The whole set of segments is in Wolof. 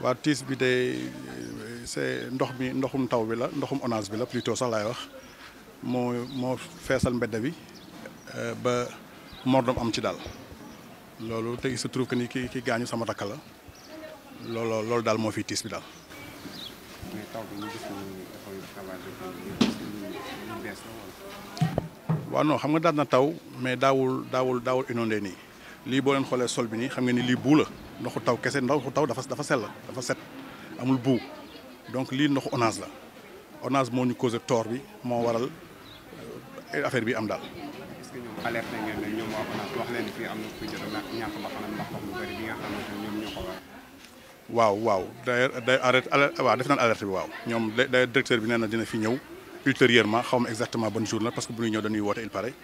waa tiis bi de c'est ndox mi ndoxum taw bi la ndoxum ONAS bi la plutôt sax laay wax moo moo feesal mbedd bi euh, ba mordom am ci daal loolu te il se trouve que ni ki gaañu sama takk la looloo loolu daal moo fi tiis bi daal. mais taw xam nga daal na taw mais daawul daawul daawul inondé nii lii boo leen xoolee sol bi nii xam nga ni lii buu la. ndoxu taw kese ndoxu taw dafa dafa sell dafa set amul buu donc lii ndoxu ONAS la ONAS moo ñu causé toor bi moo waral euh, affaire bi am daal. est-ce que ñoom alerté ngeen ne ñoom waa ONAS wax leen na ku jot a ñàkk bi nga waaw waaw day day arrêté alerte def naan alerte bi waaw ñoom day directeur bi nee dina fi ñëw ultérieurement xaw ma exactement ban jour parce que bu ñuy ñëw dañuy woote il paraît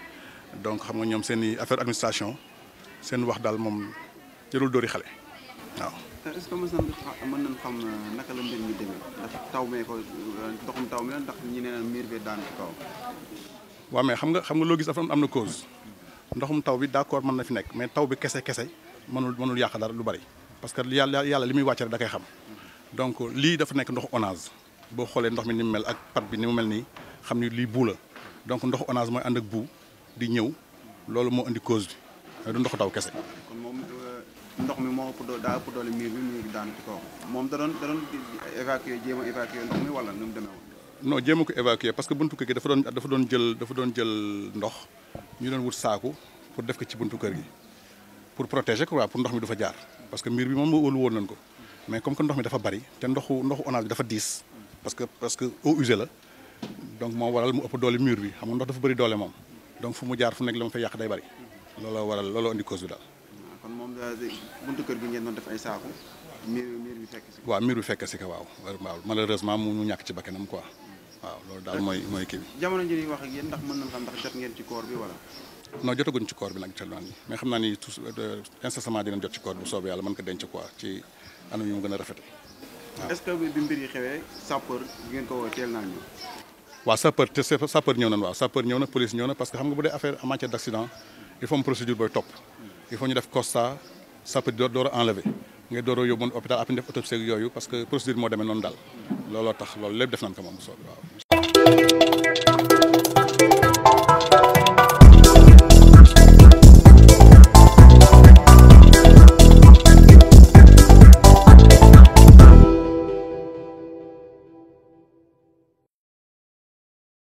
donc xam nga ñoom seen i affaire administration seen wax daal moom jërul dóori xale. waaw. ce que mën nañu mën euh, naka la mbir mi demee taw mee ko euh, taw mi la ndax miir bi daan ci kaw. mais xam nga xam nga loo gis am na cause ndoxum taw bi d' accord mën na fi nekk mais taw bi kese kese mënul mënul yàq dara lu bari parce que yàlla yàlla li muy wàcc rek da koy xam donc lii dafa nekk ndoxu onage boo xoolee ndox mi ni mu mel ak pat bi ni mu mel nii xam ni lii buu la donc ndoxu onage mooy ànd ak buu di ñëw loolu moo indi cause bi du ndoxu taw kese. ndox mi moo ëpp doo daa ëpp doole miir bi mu ngi daan ci kaw moom da doon évacuer a ndox mi wala nu mu demee woon non jéem a ko évacuer parce que buntu kër gi dafa doon dafa doon jël dafa doon jël ndox ñu doon wut saaku pour def ko ci buntu kër gi pour protéger ko waaw pour ndox mi du fa jaar parce que miir bi moom wóolu woon nañ ko mais comme que ndox mi dafa bari te ndoxu ndoxu onage bi dafa diis parce que parce que eau usée la donc moom waral mu ëpp doole mur bi xam nga ndox dafa bëri doole moom donc fu mu jaar fu nekk la ma fa yàq day bari looloo waral looloo indi cause bi daal buntu kër gi ngeen doon def ay saako. miir miir bi fekk si ko. waaw miir bi fekk si ko waaw malheureusement mu ñàkk ci bakkanam quoi. waaw daal mooy kii jamono ji wax ak yéen ndax mën nañ xam ndax jot ngeen ci koor bi wala. non jotaguñ ci koor bi nag actuellement nii mais ni tout euh, incessamment ko denc quoi ci anam yu mu gën a rafete bi mbir yi xewee sapeur bi ngeen ko woo teel naa ñëw. waaw sapeur te sapeur ñëw na police ñëw na parce que xam nga bu dee affaire en d'accident il faut am procédure il faut ñu def constat sappi door a enlever nga door a hôpital après ñu def autopsie yooyu parce que procédure moo demee noonu daal looloo tax loolu lépp def nañ ko moom waaw.